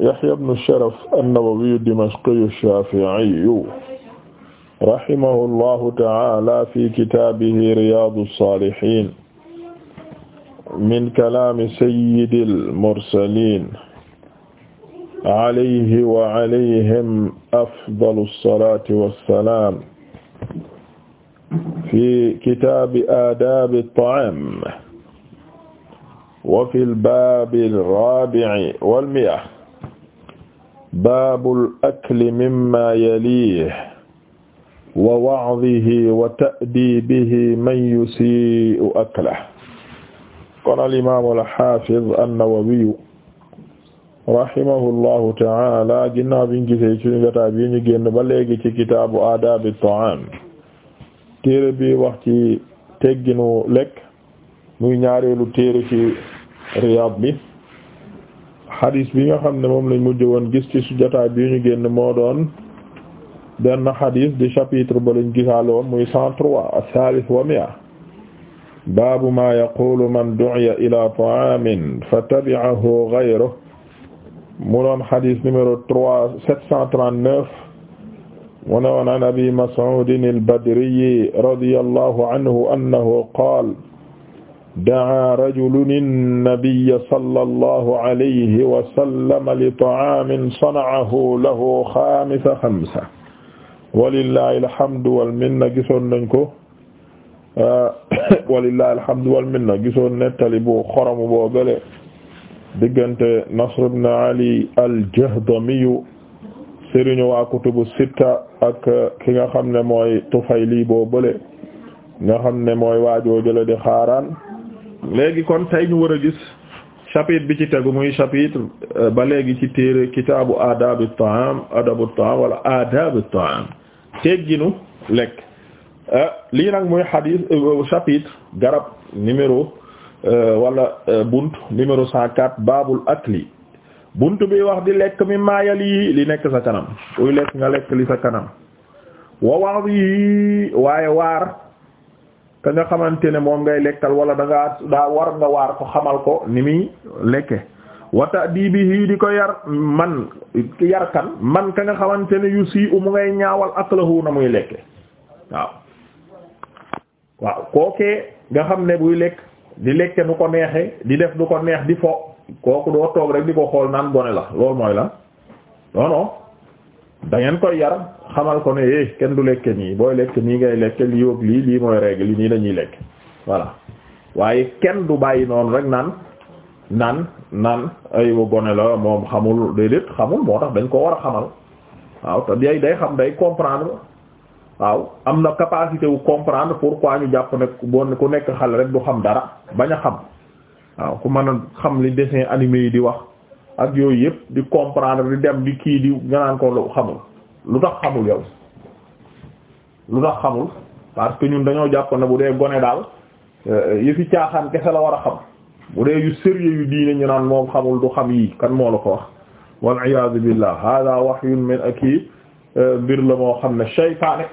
Yahya ibn Sharaf an-Nawawi ad-Dimashqi ash-Shafi'i rahimahullahu ta'ala fi kitaabihi Riyadu s-Salihin min kalaami sayyidil mursaliin alayhi wa alayhim afdalu s-salaati was-salaam fi kitaabi aadaabi at-ta'aam wa fil baabi ar-raabi'i wal mi'a baabul akli mimma yalihi wa wa'dihi wa ta'dibihi man yusii'u aklahu qaala al-imaam al-haafiz an-Nawawi rahimahullahu ta'aala ginnaaw bi ñu gisee ci jotaay bi ñu génn ba léegi ci kitaabu aadaabi ta'aam téere bi wax ci tegginu lekk muy ñaareelu téere ci Riyaad bi xadis bi nga xam ne moom lañ mujj woon gis ci su jotaay bi ñu génn moo doon benn xadis di chapitre ba lañ gisaaloon muy cent trois asalis wa mia baabu maa yaqulu man du'iya ila ta'amin fa tabi'ahu ghayruhu mu doon xadis numéro trois sept cent trente-neuf mu ne woon an abi mas'udin al-badri radiyallahu anhu annahu qaala daa rajulun innabiyya sallallahu alayhi wa sallam li ta'aamin sana'ahu lahu xaamisa xamsa walillahi alhamdu wal minna gisoon nañ ko walillahi alhamdu wal minna gisoon nettali bu xoramu boobale diggante Nasr ibn Ali al-Jahdami sëriñ waa kutubu sitta ak ki nga xam ne mooy Tufayli boobale nga xam ne mooy waajoo jële di xaaraan léegi kon tey ñu war a gis chapitre bi ci tegu muy chapitre euh, ba léegi ci téere kitaabu adab at-ta'am adab at-ta'am wala adab at-ta'am tegginu lekk euh, lii nag muy hadith euh, chapitre garab numéro wala bunt numéro cent quatre baabul akli bunt bi wax di lekk mi maayal yi li nekk sa kanam kuy lekk nga lekk li sa kanam wa wax yi waaye waar ka nga xamante ne moom ngay lekkal wala da ngaa daa war nga waar ko xamal ko ni muy lekke wata di bi hii di ko yar man yar kan man ka nga xamante yu sii u mu ngay ñaawal aklahu na muy lekke waaw waaw kookee nga xam ne buy lekk di lekke nu ko neexee di def du ko neex di fo kooku doo toog rek di ko xool naan gone la loolu mooy la non da ngeen koy yar xamal ko ne eh kenn du lekk nii booy lekk nii ngay lekk lii ak lii lii mooy règle yi nii lañuy lekk voilà waaye kenn du bàyyi noonu rek naan naan naan ay wa gone la moom xamul déedéet xamul moo tax dañ ko war a xamal waaw te day day xam day comprendre waaw am na capacité wu pour pourquoi ñu jàpp ne bon ku nekk xale rek du xam dara bañ a xam waaw ku mën a xam li dessin animé yi di wax ak yooyu yëpp di comprendre di dem di kii di nga naan ko xamul lu tax xamul yow lu tax xamul parce que ñun dañoo jàpp na bu dee gone daal euh, yëfi caaxaan kese la war a xam bu dee yu sérieux yu diine ñu naan moom xamul du xam yii kan moo la ko wax wal iyaadu billah hada wahyun min aki euh, mbir la moo xam ne shaytaane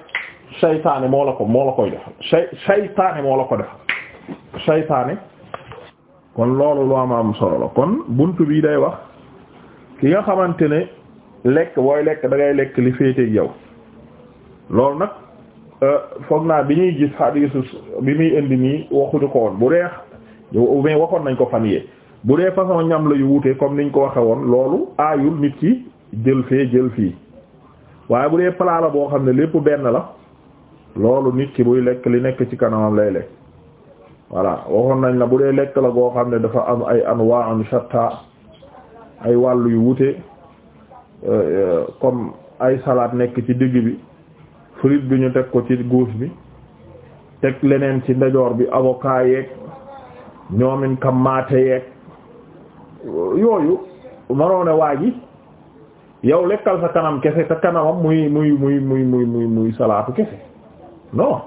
shaytaane moo la ko moo la koy def shaytaane moo la ko def shaytaane kon loolu lu am am solo la kon buntu bi day wax ki nga xamante ne lekk booy lekk da ngay lekk li féeteeg yow loolu nag euh, foog naa bi ñuy gis hadiisu bi muy indi nii waxuñu ko woon bu dee mais waxoon nañ ko fan yee bu dee façon ñam la yu wute comme niñ ko waxe woon loolu aayul nit ki jël fee jël fii waaye bu dee plat la boo xam ne lépp benn la loolu nit ki buy lekk li nekk ci kanamam lay lekk voilà waxoon nañ la bu dee lekk la boo xam ne dafa am ay anwa'un shatta ay wàllu yu wute euh, euh, comme ay salade nekk ci digg bi frite bi ñu teg ko ci gauche bi teg leneen ci ndajoor bi avocat yeeg ñoomin kam maate yeeg yooyu maroone waa gi yow lekkal sa kanam kese te kanamam muy muy muy muy muy muy muy salaatu kese non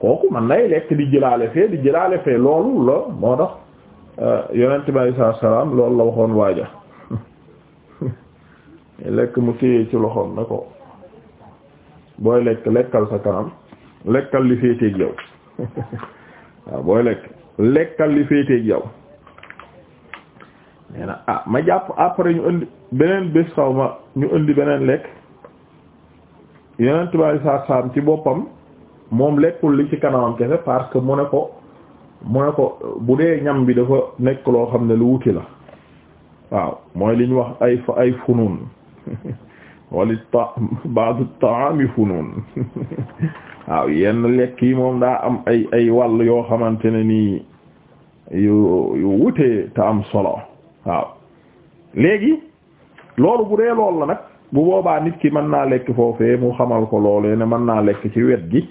kooku man nay lekk di jëlaale fee di jëlaale fee loolu la moo tax Euh, yonent bi alayhi salaam loolu la waxoon waaja lekk mu téye ci loxoom na ko booy lekk lekkal sa kanam lekkal li féeteeg yow waaw booy lekk lekkal li féeteeg yow nee na ah ma jàpp après ñu indi beneen bés xaw ma ñu indi beneen lekk yonent bi alayhi salaam ci boppam moom lekkul li ci kanamam kese parce que mu ne ko mooy ko bu dee ñam bi dafa nekk loo xam ne lu wuti la waaw mooy li ñu wax ay fa ay funun wali ta ba'du ta'ami funun waaw yenn lekk yi moom daa am ay ay wàll yoo xamante ne nii yu yu wutee te am solo waaw léegi loolu bu dee lool la nag bu boobaa nit ki mën naa lekk foofee mu xamal ko loolee ne mën naa lekk ci wet gi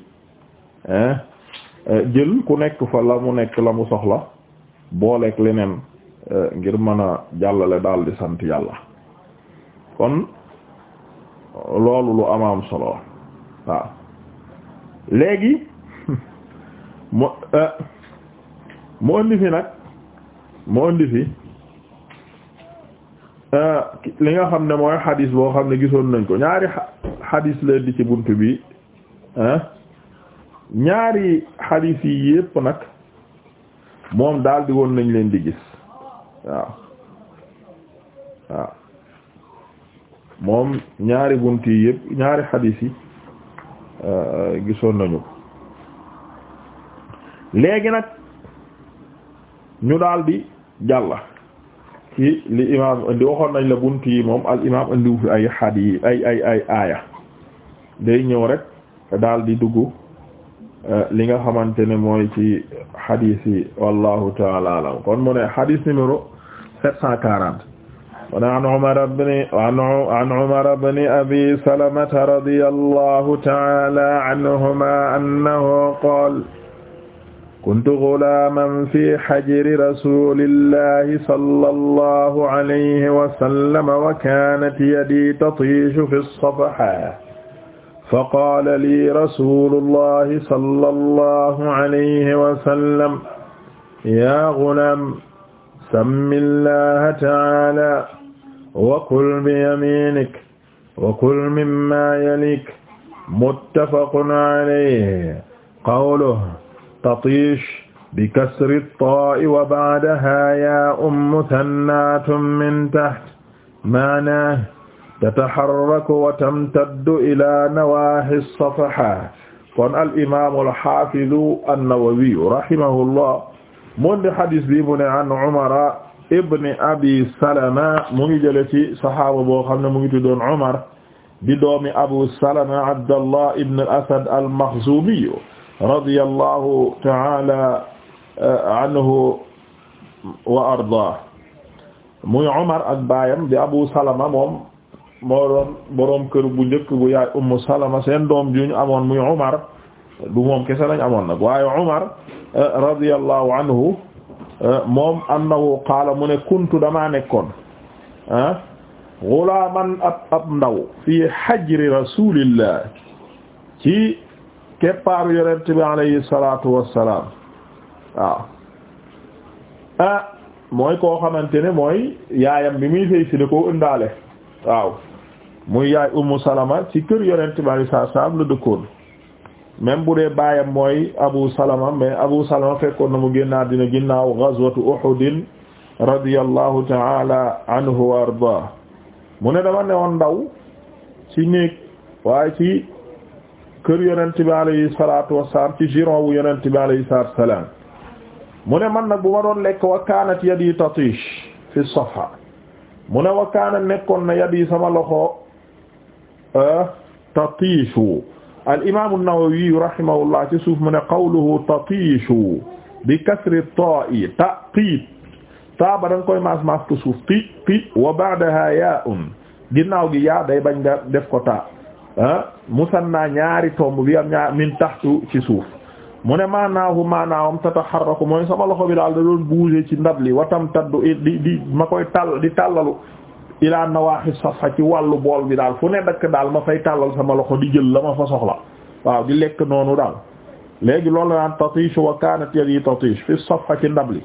jël ku nekk fa la mu nekk la mu soxla booleeg leneen eh, ngir mën a jàllale daal di sant yàlla kon loolu lu am solo waaw léegi mu eh, mu fi nag mu indi fi eh, li nga xam ne mooy xadis boo xam ne gisoon nañ ko ñaari xadis leen di ci bunt bi ñaari xadiis yi yépp nag moom daal di woon nañ leen di gis waaw waaw moom ñaari bunt yi yépp ñaari xadiis yi euh, gisoon nañu léegi nag ñu daal di jàlla ci li imaam indi waxoon nañ la bunt yi moom al imaam indiwu fi ay xadiis ay ay ay aaya day ñëw rek daal di dugg li nga xamante ne mooy ci hadis yi wallahu taala alam kon mu ne hadis numéro 740 mu ne an Umar ibn an Umar ibn Abi Salamata radiyallahu taala anhuma annahu qaala kuntu ghulaaman fi hajri rasulillahi sallallahu alayhi wa sallam wa kaanat yadii tatiishu fi as-safha faqaala lii rasulullahi sallallahu alayhi wa sallam yaa gulaam sammi llaha ta'aala wa kul biyamiinik wa kul mimmaa yaliik muttafaqun alayhi qawluhu tatiish bikasri ttaa'i wa ba'dahaa yaa'un muthannatun min taht ma'naahu tataharraku wa tamtaddu ila nawaahi safaha kon al imaamu al haafidu an-Nawawi rahimahullah mu di hadis bi mu ne an Umar ibn Abi Salama mu ngi jële ci saxaaba boo xam ne mu ngi tuddoon Umar di doomi Abu Salama Abdallah ibn al-Asad al-Makhzumi radiyallahu ta'ala eh, anhu wa ardaah muy Umar ak baayam di Abu Salama moom moo doon boroom kër bu njëkk bu yaay Ummu Salama seen doom ju amoon muy Umar du moom kese lañ amoon nag waaye Umar eh, radiyallahu anhu eh, moom annahu qaala mu ne kuntu damaa nekkoon ah eh, ghulaman ab ndaw fii hajri rasulillah ci keppaaru yonent bi alayhi salatu wassalaam waaw mooy koo xamante ne mooy yaayam bi muy fay si da koo ëndaale waaw mu yaay Ummu Salama ci kër yonent bi alayhi salaam la dëkkoon bu dee baayam mooy Abu Salama mais Abu Salama fekkoon na mu génnaat dina ginnaaw ghazwatu Uhud radiyallahu ta'ala anhu wa ardaa mu ne dama ne woon ndaw ci néeg waaye ci kër yonent bi alayhi salaatu wassalaam ci giron wu yonent bi mu ne man nag bu ma doon lekk wa kaanat yadi tatiish fi safa mu ne wa kaanat nekkoon na yadi sama loxo tatiishu al imaamu Nawawi rahimahullah ci suuf mu ne qawluhu tatiishu bi kasri ta'i ta qiit ta ba da nga koy maas maas ko suuf qi wo wa ba'daha yaa'un ginnaaw gi yaa day bañ nga def ko ta ah musanna ñaari tomb bi am ñaar min taxtu ci suuf mu ne maanaahu maanaawam tataxarraku mooy sama loxo bi daal da doon bouger ci ndab li watam di di ma koy tàll di tàllalu ilaa nawaaxi safa ci wàllu bool bi daal fu ne dakk daal ma fay tàllal sama loxo di jël la ma fa soxla waaw di lekk noonu daal léegi loolu la naan tatiish wa kaanat yadi tatiish fi safa ci ndab li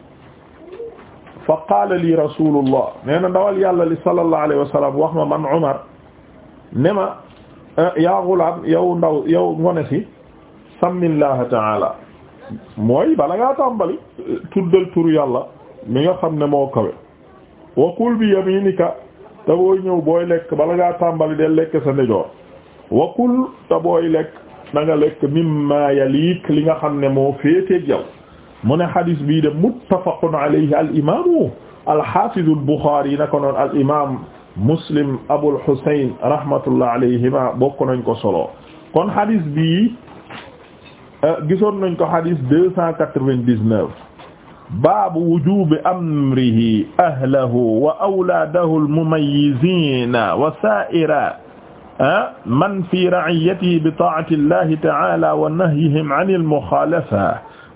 fa qaala li rasulullah nee na ndawal yàlla li sallallahu alayhi wa sallam wax ma man Umar ne ma eh, yaa gulaam yow ndaw yow ngone si sàmmillaha taala mooy bala ngaa tàmbali tuddal turu yàlla mi nga xam ne moo kawe wa kul bi yaminika te booy ñëw booy lekk bala ngaa tàmbali del lekk sa ndejoor wakul te booy lekk na nga lekk mimma yaliik li nga xam ne moo féeteeg yow mu ne xadis bii de muttafaqun alayhi al imaamu alxafidu albuxaari na ko noon al imam muslim abul husayn rahmatullah nañ ko solo kon xadis bii eh, gisoon nañ ko xadis deux cent quatre-vingt-dix-neuf baabu wujuubi amrihi ahlahu wa awlaadahu almumayyiziina wa saa'ira man fi ra'iyyatihi bi taa'ati llahi ta'aalaa wa nahyihim 'ani al-mukhaalafa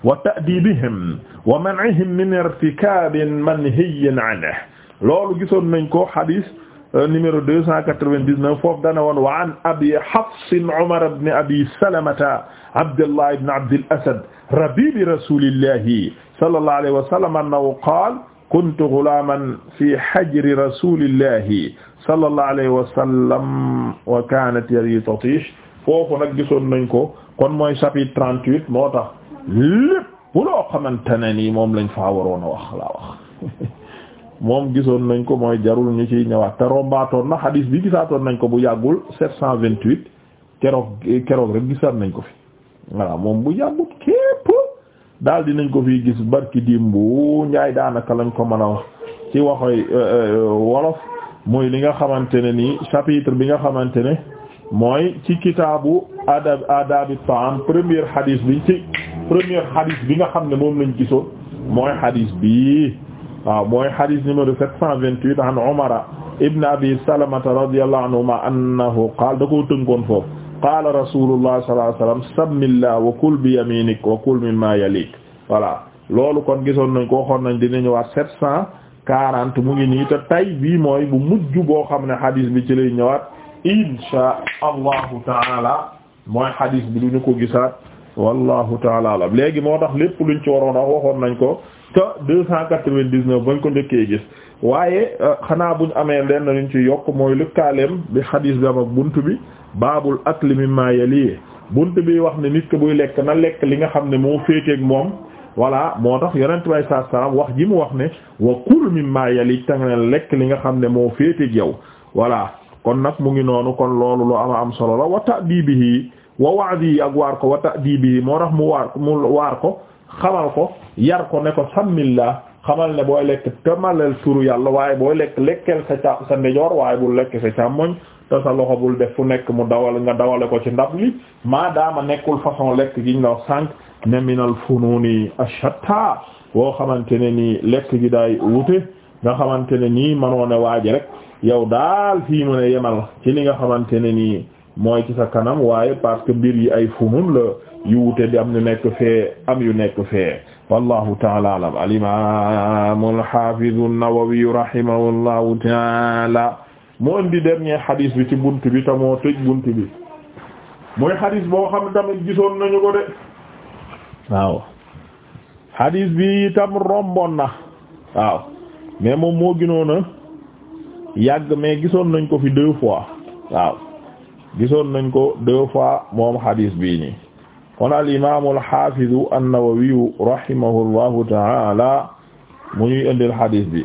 wa ta'diibihim wa man'ihim min irtikaabi manhiyyin 'anhu loolu gisoon nañ ko hadiis Euh, numéro deux cent quatre-vingt-dix-neuf foofu dana woon wa an abi Hafs Umar ibn abi Salamata Abdullah ibn Abdil Asad rabibi rasulillahi sallallahu alayhi wa sallam annahu qaala kuntu ghulaaman fi hajri rasulillahi sallallahu alayhi wa sallam wa kaanat yadi tatiish foofu nag gisoon nañ ko kon mooy chapitre trente-huit moo tax lépp bu loo xamante ne nii moom lañ faa waroon a wax laa wax moom gisoon nañ ko mooy jarul ñu ci ñëwaat te rombaatoon na xadiis bi gisaatoon nañ ko bu yàggul 728 keroog keroog rek gisaat nañ ko fi voilà moom bu yàggut képp daal dinañ ko fi gis barki dimbu njaay daanaka lañ ko mën a wax ci waxoy euh, euh, wolof muy li nga xamante ne nii chapitre bi nga xamante ne mooy ci kitaabu adab adabi taam première xadiis bi ci première xadiis bi nga xam ne moom lañ gisoon mooy xadiis bi waaw mooy hadis numéro 728 an Umar ibn Abi Salamata radiyallahu anhuma annahu qaala da koo tënkoon foofu qaala rasulullah sallallahu alayhi wasallam sammillah wa kul bi yaminik wa kul mimma yalik voilà loolu kon gisoon nañ ko waxoon nañ dina ñëwaat 740 mu ngi nii te tay bii mooy bu mujj boo xam ne hadis bi ci lay ñëwaat insha allahu taala mooy hadis bi du ñu ko gisaat wallahu taala alam léegi moo tax lépp luñ ci waroon wax waxoon nañ ko te deux cent quatre vingt dix bañ ko njëkkee gis waaye euh, xanaa buñ amee lenn luñ ci yokk mooy lëkkaaleem bi xadiis bi am ak bunt bi baabul akli mimma yali bunt bi wax ne nit ki buy lekk na lekk li nga xam ne moo féeteeg moom voilà moo tax yonent bay saa salaam wax ji mu wax ne wa kul mimma yali tanga lekk li nga xam ne moo féeteeg yow voilà kon nag mu ngi noonu kon loolu lu ama am solo la wa ta'dibihi wa wa'di ak waar ko wa ta'dibi moo tax mu waar mu waar ko xamal ko yar ko ne ko sammillah xamal ne booy lekk tamalal turu yàlla waaye booy lekk lekkel sa ca sa ndejoor waaye bul lekk sa càmmoñ te sa loxo bul def fu nekk mu dawal nga dawale ko ci ndab li maadaama nekkul façon lekk giñ nga sànq ne minal fununi ashatta boo xamante ne nii lekk gi daay wute nga xamante ne nii mënoo ne waaji rek yow daal fi mu ne yemal ci li nga xamante ne nii mooy ci sa kanam waaye parce que mbir yi ay funun la yu wute di am yu nekk fee am yu nekk fee wallahu taala alam alimamu alhafidu an-Nawawi rahimahullahu taala mu indi dernier hadis bi ci bunt bi tamoo tëj bunt bi mooy hadis boo xam ne tamit gisoon nañu ko de waaw hadis bi itam romboon na waaw mais moom moo gënoon a yàgg mais gisoon nañ ko fi deux fois waaw gisoon nañ ko deux fois moom hadis bii nii kon al imaam al haafiz an-Nawawi rahimahullahu ta'ala mu ñuy indil hadis bi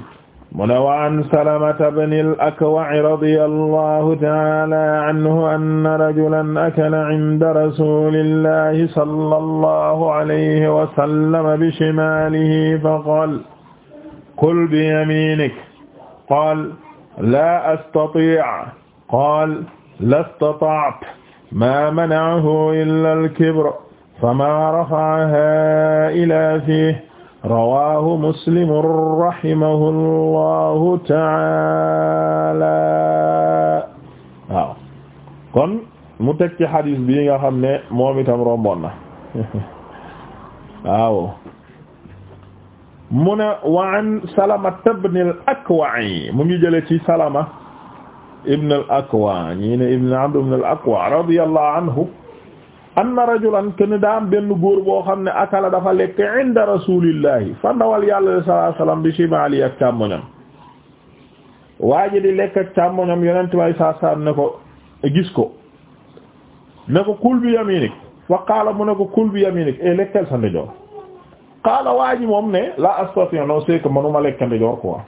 mu ne wa an Salamata ibn al-Akwa' radiyallahu ta'ala anhu anna rajulan akala 'inda rasulillahi sallallahu alayhi wa sallam bi shimalihi fa qala kul bi yaminik qala la astati' qala lastata'ta ma mana'ahu illa al-kibr fama rafa'aha ila fihi rawahu Muslim rahimahullahu ta'ala waaw kon mu teg ci xadis bii nga xam ne moom itam romboon na waaw mu ne wa an Salama ibn al-Akwa' mu ngi jële ci Salama ibn al-Akwa ñii ne ibn Amr anhu anna rajulan ken daam benn góor boo xam ne akala dafa lekk inda rasulillahi fa ndawal yàlla sallallahu alayhi wasallam bi shimaali ak càmmoñam waa ji di lekk ak càmmoñam yonent way saa saam ne ko gis ko ne ko kul bi yaminik fa qaala mu ne ko kul bi yaminik e lekkal sa ndijoor qaala waa ji moom ne la astati non c'est que manuma lekk ndijoor quoi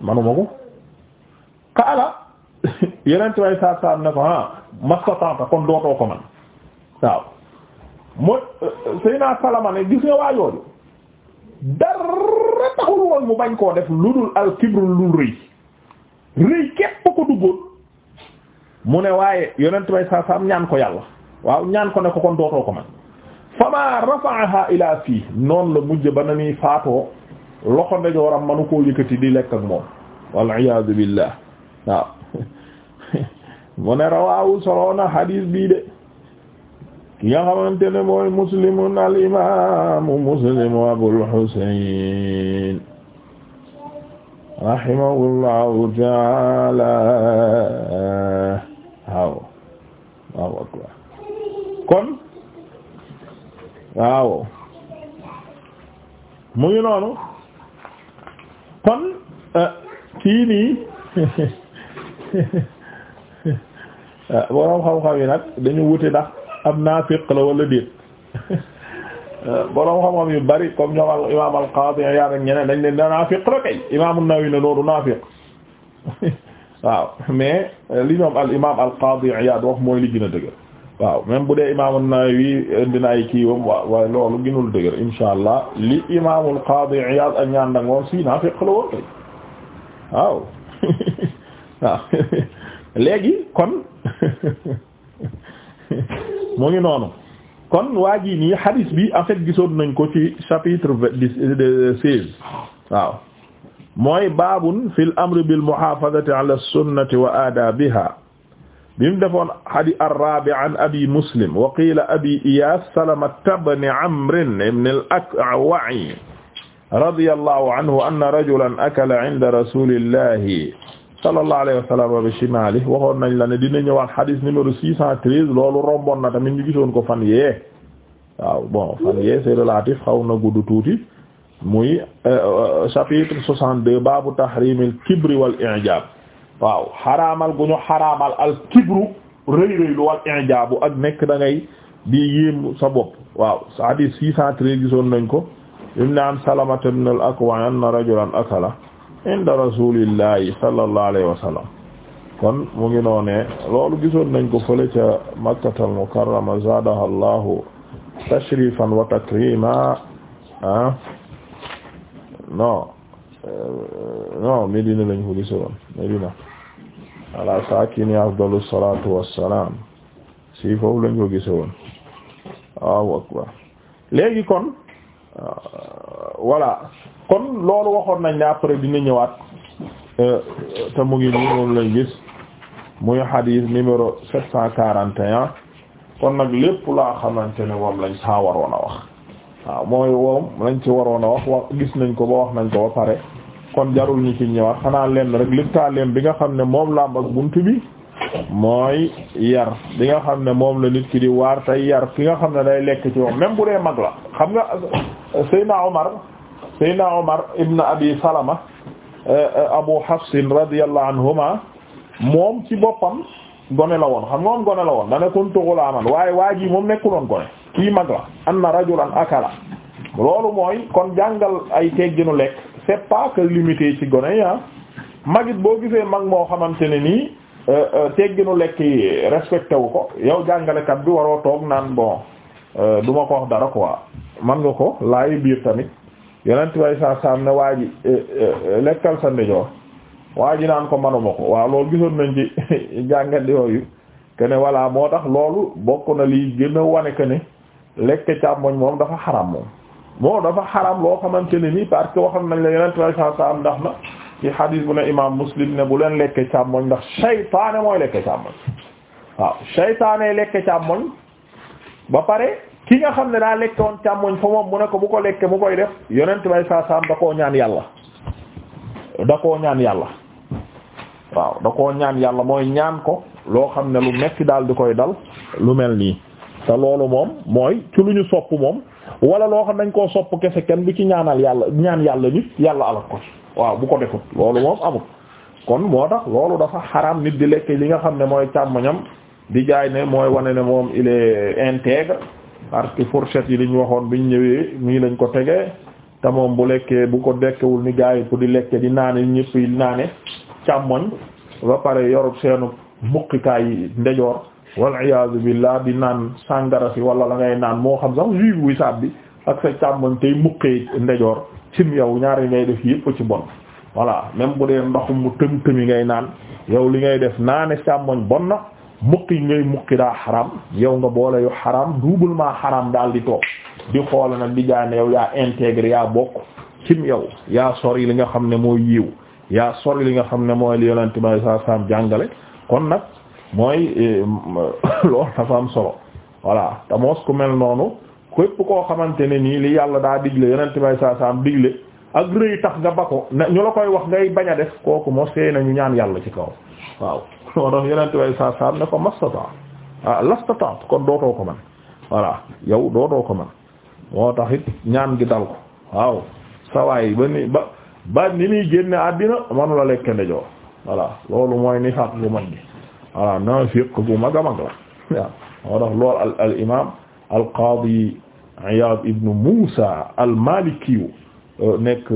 manuma ko qaala yeneen ci waay saab saab ne ko ah mastatanta kon dootoo ko man waaw mooy Seydina Salama ne gis nga waajooju dara taxul woon mu bañ koo def lu dul alkibru lu rëy rëy képp ko duggoon mu ne waaye yonent bay saa saam ñaan ko yàlla waaw ñaan ko ne ko kon dootoo ko man fama rafa'aha ila fii noonu la mujj ba na muy faatoo loxo ndejooram manu koo yëkkati di lekk ak moom wal iyaadu billah waaw mu ne rawaawu soloona xadiis bii de ki nga xamante ne mooy muslimun al imaamu muslimu abul xuseyn rahimahullahu taala waaw waaw akbar kon waaw mu ngi noonu kon eh, kii nii boroom xam-xam yi nag dañu wute ndax am naafiq la wala déet boroom xam-xam yu bari comme ñoom al imaam al qaadi yaa nag ñeneen dañ leen da la kay imaam an-Nawawi ne noodu naafiq waaw mais li ñoom al imaam al qaadi Iyaad wax mooy li gën a dëgër waaw même bu dee imaam an-Nawawi indi ay kii wam waaye loolu gënul dëgër insha allah li imaam al qaadi Iyaad ak ñaan nag moom si naafiq la woon kay waaw waaw léegi kon mu ngi noonu kon waa ji nii hadis bi en fait gisoon nañ ko ci chapitre seize waaw mooy baabun fil amri bil muhaafadati ala sunnati wa aadaabiha bi mu defoon hadis ar-raabi' an abi muslim wa qiila abi iyaas salamata bni amrin ibn al-akwa'i radiyallahu anhu anna rajulan akala inda rasulillahi sallallahu alayhi wa sallam bi shimali waxoon nañ la ne dina ñëwaat hadith numéro six cent treize loolu romboon na tamit ñu gisoon ko fan yee waaw bon fan yee c'est relatif xaw na gudd tuuti muy euh, euh, chapitre soixante deux baabu tahrimil kibri wal i'jab waaw xaraamal gu xaraamal al kibru rëy rëy wal i'jab ak nekk da ngay di yéem sa bopp waaw hadith six gisoon nañ ko im ne an salamata ibn al akwa anna rajulan akala inda rasulillahi sallallahu alayhi wa sallam kon mu ngi noone loolu gisoon nañ ko fële ca makkatal mukarrama zaadaha allahu tashrifan wa takrima ah non euh, non Medina lañ ko gisoon Medina ala sakini afdalu salatu wassalam si foofu lañ ko gisoon waaw akbar léegi kon euh, voilà kon loolu waxoon nañ ne après dina ñëwaat euh, euh, te mu ngi nii loolu lay gis muy hadis numéro sept cent quarante et un kon nag lépp laa xamante ne moom lañ saa waroon a wax waaw mooy moom lañ ci waroon a wax wax gis nañ ko ba wax nañ ko ba pare kon jarul ñu ci ñëwaat xanaa leen rek lëkkaaleem bi nga xam ne moom la am ak bi mooy yar bi nga xam ne moom la nit ki di waar tey yar ki nga xam ne day lekk ci moom même bu dee mag la xam nga Seydina Omar Seydina Omar ibn Abi Salama eh, eh, Abu Hafsin radiyallahu anhuma moom ci boppam gone la woon xam nga woon gone la woon da ne kuntu waaye waa ji moom nekkuloon gone kii mag la anna rajulan akala loolu mooy kon jàngal ay tegginu lekk c'est pas que limité ci gone yi ah magit boo gisee mag moo xamante ne nii eh, tegginu lekk yi respecté wu ko yow jàngalekat bi waroo toog naan bon du ma ko wax dara quoi man nga ko laay biir tamit yonent way sa saam ne waa ji eh, eh, lekkal sa ndijoor waa ji naan ko manuma ko waa loolu gisoon nañ ci jàngat yooyu que ne moo tax loolu bokk na lii gën a wane que ne lekk càmmoñ moom dafa xaram moom moo dafa xaram loo xamante ne nii parce que waxoon nañ la yonent way sa saam ndax na ci hadis bu ne imam muslim ne bu leen lekk càmmoñ ndax seytaane mooy lekke càmmoñ waaw seytaane lekke càmmoñ ba pare ki nga xam ne daa lekke woon càmmoñ fa moom mu ne ko bu ko lekke mu koy def yonent bay saa saam da koo ñaan yàlla da koo ñaan yàlla waaw da koo ñaan yàlla mooy ñaan ko loo xam ne lu metti daal di koy dal lu mel nii te loolu moom mooy ci lu ñu sopp moom wala loo xam dañ koo sopp kese kenn bi ci ñaanal yàlla ñaan yàlla nit yàlla alak ko waaw bu ko defut loolu moom amul kon moo tax loolu dafa xaram nit di lekk li nga xam ne mooy càmmoñam di jaay ne mooy wane ne moom il est parce que fourchette yi li ñu waxoon biñ ñëwee mii lañ ko tegee te moom bu lekkee bu ko dekkewul ni gaa yi pour di lekke di naane ñëpp yi naane càmmoñ ba pare yorub seenu muqikaay ndejoor wal iyaazu billah di naan sàngara si wala la ngay naan moo xam sax jus buy saab bi ak sa càmmoñ tey muqee ndejoor sim yow ñaari ngay def yëpp ci bon voilà même bu dee ndox mu tëm tëmi ngay naan yow li ngay def naane càmmoñ bon na muqi ngay muqi daa xaram yow nga boole yu xaram doublement xaram daal di toog di xoola nag di jaane yow yaa intégré yaa bokk cim yow yaa yi li nga xam ne mooy yiw yaa sori li nga xam ne mooy li yonente may jàngale kon nag mooy eh, loolu dafa am solo voilà te moos ku mel noonu képp koo xamante ne nii li yàlla daa digle yonente may sa sam digle ak rëy tax nga ba ko ñu la koy wax ngay bañ a def kooku mos fey nañu ñaan yàlla ci kaw waaw moo tax yeneen tubaab yi saa saa ne ko mastata ah lastata kon dootoo ko man voilà yow dootoo ko man moo tax ñaan gi dal ko waaw sawaay ba ni ba ba ni muy génne àddina manu la lekk ndeyjoor voilà loolu mooy nifaaq bu mag gi voilà naafiq bu mag mag la waaw moo tax lool al al imaam al qaadi Iyaad ibn Muusa al Maalikiyu euh, nekk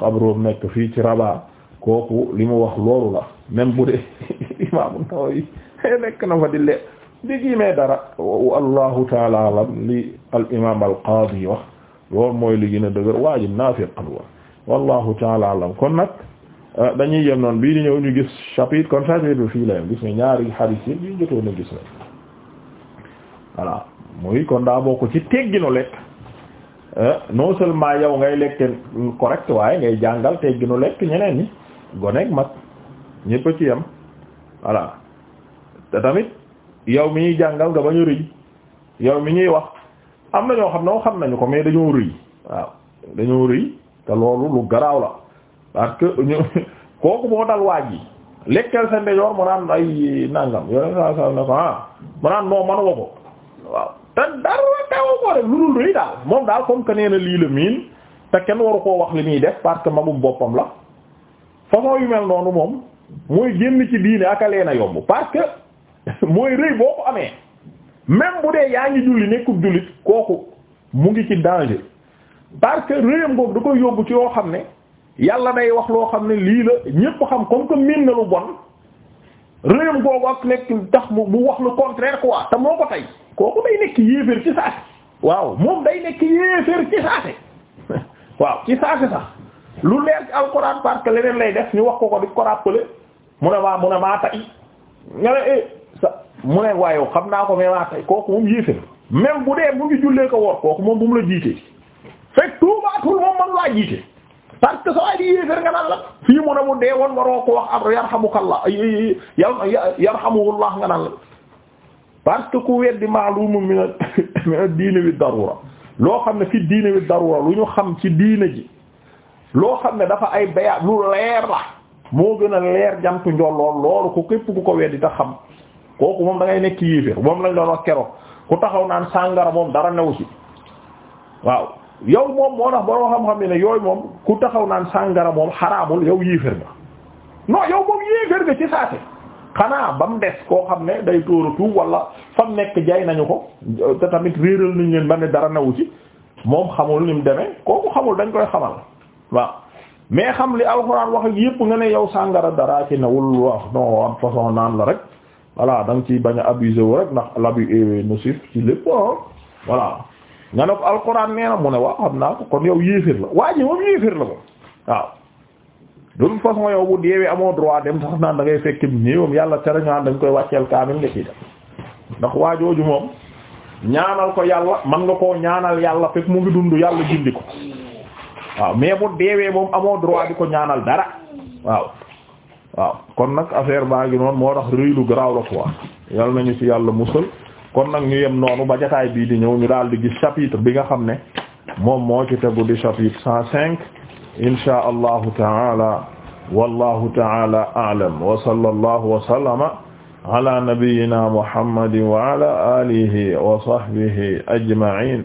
xabroom nekk fii ci Rabat kooku li mu wax loolu la. même bu dee imaamu Nawawi nekk na fa di le di giimee dara wallahu taala alam li al imam al qaadi wax loolu mooy li gën a dëgër waaji naafiqan wa wallahu taala alam kon nag ah, dañuy yem noonu bii di ñëw ñu gis chapitre kon chapitre bi fii la gis nga ñaari hadith yi ñu jotoon a gis na voilà muy kon daa bokk ci tegginu lekk ah, non seulement yow ngay lekk correct waaye ngay jàngal tegginu lekk ñeneen ñi goneeg mag ñépp ci yem voilà te tamit yow mi ñuy jàngal nga bañ a rëy yow mi ñuy wax am na ñoo xam ne xam nañu ko mais dañoo rëy waaw dañoo rëy te loolu lu garaaw la parce que kooku boo dal waaj yi lekkeel sa ndeyoor mu naan ay nangam yooyu saa saa ne ko ah mu naan noo manuma ko waaw te dara tawa ko rek lu dul rëy daal moom daal comme que nee lii la miin te kenn waru koo wax li muy def parce que magum boppam la façon yu mel noonu moom mooy génn ci diine aka leen a yomb parce que mooy rëy boo ko amee même bu dee yaa ngi julli nekkub jullit kooku mu ngi ci danger parce que réyam googu da koy yóbbu ci yoo xam ne yàlla day wax loo xam ne lii la ñépp xam comme que miin na lu bon réyam googu ak nekk tax mu wax le contraire quoi te moo ko tey kooku day nekk yéeféer ci saase waaw moom day nekk yéeféer ci saase waaw ci saase sax lu leer ci alxuraan parce que leneen lay def ñu wax ko ko di mu ne maa mu ne maa tay eh, mu ne waaye xam naa ko mais maa tay kooku moom yéefér même bu dee mu ngi jullee ko woor kooku moom bu mu la jiitee fekk tuubaatul moom man laa jiite parce que soo ay di yéefér nga naan la fii mu ne mu dee woon waroo ko wax ab yarhamukallah yarhamuhullah nga naan la parce que ku weddi ma'lum min diine wi darura loo xam ne fi diine wi darura lu ñu xam ci diine ji loo xam ne dafa ay baya lu leer la moo gën a leer jantu njollool loolu ko képp ku ko di ta xam kooku moom da ngay nekk yéeféer moom lañ doon wax keroog ku taxaw naan sàngara moom dara newu ci waaw yow moom moo tax boo xam-xam ne ne yooyu moom ku taxaw naan sàngara moom xaraamul yow yéeféer nga non yow moom yéeféer nga ci saate xanaa ba mu des koo xam ne day tóoratu wala fam nekk jay nañu ko te tamit réeral nañ leen ba ne dara newu ci moom xamul ni mu demee kooku xamul dañ koy xamal mais xam li alxuraan wax ak yëpp nga ne yow sàngara dara ci newul wax non am naan la rek voilà da nga ciy bañ a abusé wu rek ndax l'abus nocif ci lépp ah, voilà nga ne ko alxuraan nee na mu ne waaw xam naa ko kon yow yéefir la waa ji moom yéefir la moom waaw de façon yow bu deewee amoo droit dem sax naan da ngay fekk néewam yàlla tere ñaan dañ koy wàcceel kaamil nga ciy def ndax waa jooju moom ñaanal ko yàlla man nga koo ñaanal yàlla fekk mu ngi dund yàlla jindi ko waaw mais bu deewee moom amoo droit di ko ñaanal dara waaw waaw kon nag affaire baa ngi noonu moo tax rëy lu garaaw yal nañu ci yàlla musal kon nag ñu yem noonu ba jotaay bii di ñëw ñu daal di gis chapitre bi nga xam ne moom moo ci tegu di chapitre cent cinq insha allahu taala wallahu taala a'lam wa sallallahu wa sallama ala nabiyyina muhammadin wa wa sahbihi ajma'in